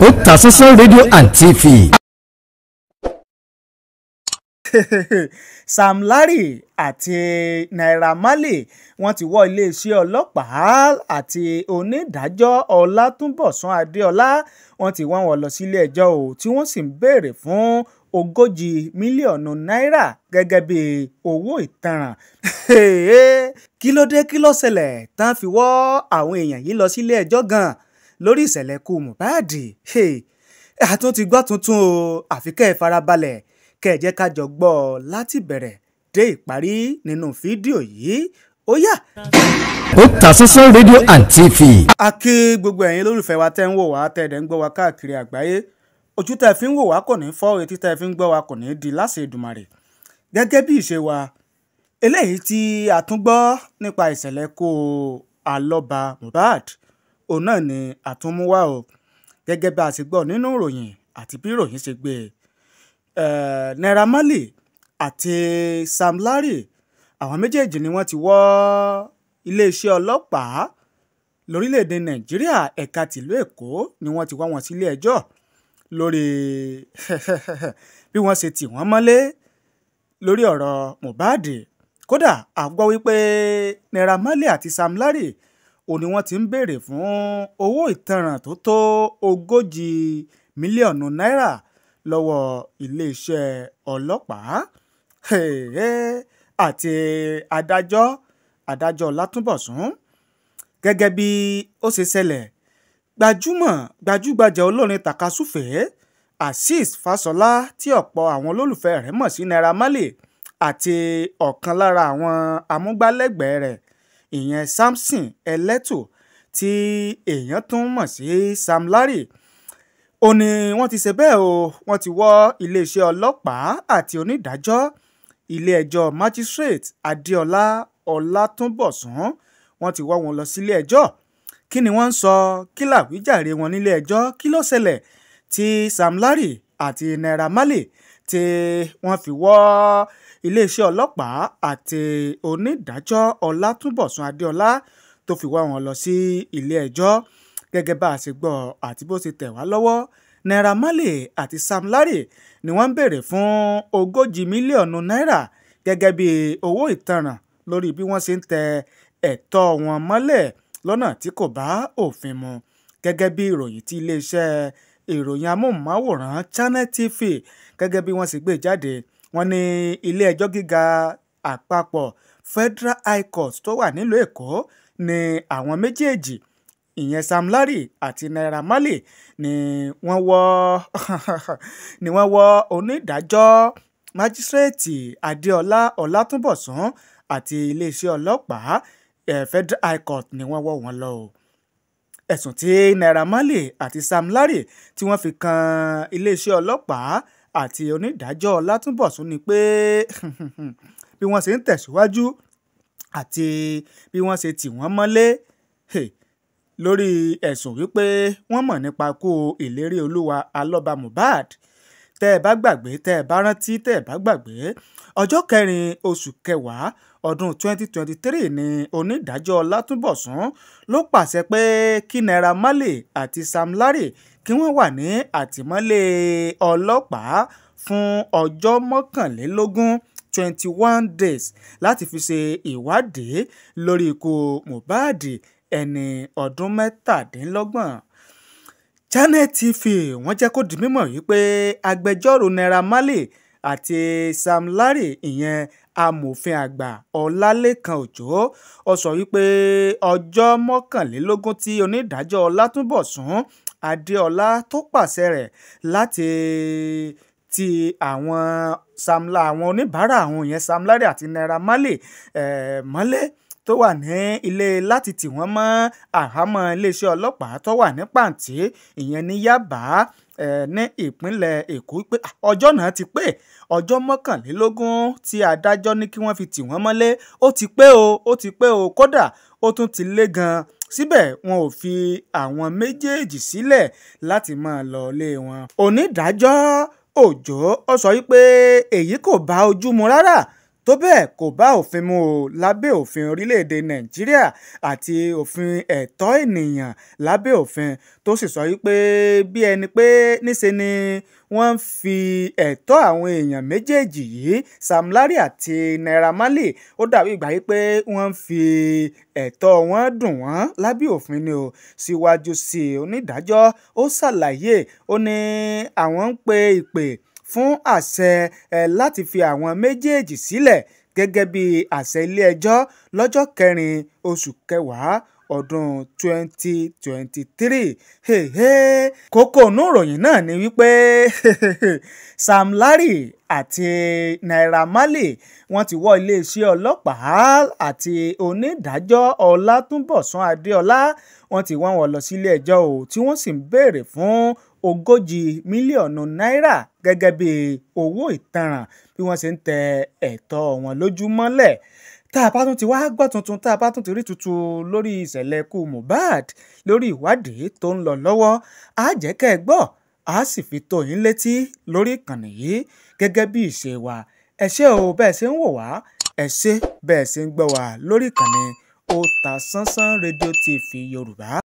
Otasansan rédíò and TV. Sam Larry àti Naira Marley wọ́n ti wọ iléeṣẹ́ ọlọ́pàá àti onídàájọ́ Ọlátúnbọ̀sún Adéọlá wọ́n ti wọ́n wọn lọ sílé ẹjọ́ o tí wọ́n sì ń béèrè fún ogójì mílíọ̀nù náírà gẹ́gẹ́ bí owó ìtanràn. kí ló dé kí ló ṣẹlẹ̀ tán fi wọ́ àwọn èèyàn yìí lọ sílé ẹjọ́ gan-an lórí ìṣẹ̀lẹ̀ ikú Mohbad àtún ti gbọ́ tuntun o àfi kẹ́ ẹ farabalẹ̀ kẹ́ ẹ jẹ́ ká jọ gbọ́ ọ láti bẹ̀rẹ̀ dé ìparí nínú fídíò yìí ó yá. Otasansan rédíò and TV. a kí gbogbo ẹ̀yin lólùfẹ́ wa tẹ́ ń wò wá tẹ́ ẹ̀ ń gbọ́ wa káàkiri àgbáyé ojú tẹ́ ẹ fi ń wò wá kò ní fọ́ etí tẹ́ ẹ fi ń gbọ́ wa kò ní di láṣẹ Èdùmàrè gẹ́gẹ́ bí ìṣe wa eléyìí tí a nípa ìṣẹ̀lẹ̀ kó Alọ́ba Mohbad òun náà ni àtúnmúwá o gẹ́gẹ́ bá a ti gbọ́ nínú ìròyìn àti bí ìròyìn ṣe gbé e eh, Naira Marley àti Sam Larry àwọn méjèèjì ni wọ́n ti wọ́ iléeṣẹ́ ọlọ́pàá lórílẹ̀‐èdè Nàìjíríà ẹ̀ka tìlú Èkó ni wọ́n ti wá wọn sílé ẹjọ́ lórí bí wọ́n ṣe tì wọ́n mọ́lé lórí ọ̀rọ̀ Mohbad kódà a gbọ́ wípé Naira Marley àti Sam Larry òun ni wọ́n ti ń béèrè fún owó ìtanràn tó tó ogójì mílíọ̀nù náírà lọ́wọ́ iléeṣẹ́ ọlọ́pàá àti adájọ́ adájọ́ látúbọ̀sún gẹ́gẹ́ bí ó ṣe ṣẹlẹ̀ gbajúmọ̀ gbajúgbajà olórin tàkasúfèé azeez fasola tí ọ̀pọ̀ àwọn olólùfẹ́ rẹ̀ mọ̀ sí naira marley àti ọ̀kan lára àwọn amúgbálẹ́gbẹ̀ẹ́ rẹ̀ ìyẹn Samson Ẹlẹ́tò tí èèyàn tún mọ̀ sí Sam Larry ó ní wọ́n ti ṣe bẹ́ẹ̀ o wọ́n ti wọ́ iléeṣẹ́ ọlọ́pàá àti onídàájọ́ ilé-ẹjọ́ magistrate Adéọlá Ọlátúnbọ̀sún wọ́n ti wọ́ wọn lọ sílé-ẹjọ́ kí ni wọ́n ń sọ kí làwíjàre wọn nílé-ẹjọ́ kí ló ṣẹlẹ̀ tí Sam Larry àti Naira Marley tí wọ́n fi wọ́ iléeṣẹ́ ọlọ́pàá àti onídàájọ́ ọlátúbọ̀sùn adéọlá tó fi wá wọn lọ sí ilé ẹjọ́ gẹ́gẹ́ bá a ṣe gbọ́ àti bó ṣe tẹ̀ wá lọ́wọ́ naira marley àti sam larry ni wọ́n ń béèrè fún ogójì mílíọ̀nù náírà gẹ́gẹ́ bí owó ìtanràn lórí bí wọ́n ṣe ń tẹ ẹ̀tọ́ wọn mọ́lẹ̀ lọ́nà tí kò bá òfin mu gẹ́gẹ́ bí ìròyìn tí iléeṣẹ́ ìròyìn amóhùnmáwòrán Channel TV gẹ́gẹ́ bí wọ́n sì gbé e jáde wọ́n ní ilé-ẹjọ́ gíga àpapọ̀ Federal High Court tó wà nílùú Èkó ni àwọn méjèèjì ìyẹn Sam Larry àti Naira Marley ni wọ́n wọ́ ni wọ́n wọ́ onídàájọ́ májísrèètì Adéọlá Ọlátúnbọ̀sún àti iléeṣẹ́ ọlọ́pàá eh, Federal High Court ni wọ́n wọ́ wọn lọ o ẹ̀sùn tí Naira Marley àti Sam Larry tí wọ́n fi kan iléeṣẹ́ ọlọ́pàá àti onídàájọ́ Látúnbọ̀sún ni pé bí wọ́n ṣe ń tẹ̀síwájú àti bí wọ́n ṣe tì wọ́n mọ́lé lórí ẹ̀sùn wípé wọ́n mọ̀ nípa ikú ìlérí olúwa alọ́ba Mohbad tẹ́ ẹ bá gbàgbé tẹ́ ẹ bá rántí tẹ́ ẹ bá gbàgbé ọjọ́ kẹrin oṣù kẹwàá ọdún 2023 ni onídàájọ́ látúbọ̀sún ló pàṣẹ pé kí naira marley àti sam larry kí wọ́n wà ní àtìmọ́lé ọlọ́pàá fún ọjọ́ mọ́kànlélógún twenty days láti fi ṣe ìwádìí lórí ikú mohbad ẹni ọdún mẹ́tàdínlọ́gbọ̀n Channel TV wọ́n jẹ́ kó di mímọ̀ wípé agbẹjọ́rò Naira Marley àti Sam Larry ìyẹn amòfin àgbà Ọlálékan Òjó ó sọ wípé ọjọ́ mọ́kànlélógún tí onídàájọ́ Ọlátúnbọ̀sún Adéọlá tó pàṣẹ rẹ̀ láti ti àwọn Sam àwọn oníbàárà àwọn ìyẹn Sam Larry àti Naira Marley eh, tó wà ní ilé láti tì wọ́n mọ́ àhámọ́ iléeṣẹ́ ọlọ́pàá tó wà ní pàǹtí ìyẹn ní Yábà ní ìpínlẹ̀ Èkó pé ọjọ́ náà ti pé ọjọ́ mọ́kànlélógún tí adájọ́ ní kí wọ́n fi tì wọ́n mọ́lé ó ti pé o ó ti pé o kódà ó tún ti lé gan-an síbẹ̀ wọn ò fi àwọn méjèèjì sílẹ̀ láti máa lọ ilé wọn. onídàájọ́ Òjó ó sọ wípé èyí kò bá ojú mu rárá tó bẹ́ẹ̀ kò bá òfin mu o lábẹ́ òfin orílẹ̀-èdè nàìjíríà àti òfin ẹ̀tọ́ ènìyàn lábẹ́ òfin tó sì sọ wípé bí ẹni pé níṣe ni wọ́n fi ẹ̀tọ́ àwọn èèyàn méjèèjì yìí Sam Larry àti Naira Marley ó dàbí ìgbà yìí pé wọ́n ń fi ẹ̀tọ́ wọn dùn wọ́n lábẹ́ òfin ni o síwájú sí i onídàájọ́ ó ṣàlàyé ó ní àwọn ń pe ìpè fún àṣẹ láti fi àwọn méjèèjì sílẹ̀ gẹ́gẹ́ bí àṣẹ ilé-ẹjọ́ lọ́jọ́ kẹrin oṣù kẹwàá ọdún 2023 hey, hey. kókó inú ìròyìn náà ni wípé Sam Larry àti Naira Marley wọ́n ti wọ́ iléeṣẹ́ ọlọ́pàá àti onídàájọ́ Ọlátúnbọ̀sún Adéọlá wọ́n ti wọ́n wọn lọ sílé ẹjọ́ o tí wọ́n sì ń béèrè fún ogójì mílíọ̀nù náírà gẹ́gẹ́ bí owó ìtanràn bí wọ́n ṣe ń tẹ ẹ̀tọ́ wọn lójúmọ́lẹ̀ tá a bá tún ti wá gbọ́ tuntun tá a bá tún ti rí tuntun lórí ìṣẹ̀lẹ̀ ikú Mohbad lórí ìwádìí tó ń lọ lọ́wọ́ á jẹ́ kẹ́ ẹ gbọ́ a sì fi tó yín létí lórí ìkànnì yìí gẹ́gẹ́ bí ìṣe wa ẹ ṣé o bẹ́ẹ̀ ṣe ń wò wá ẹ ṣé bẹ́ẹ̀ ṣe ń gbọ́ wá lórí ìkànnì Otasansan rédíò TV Yorùbá.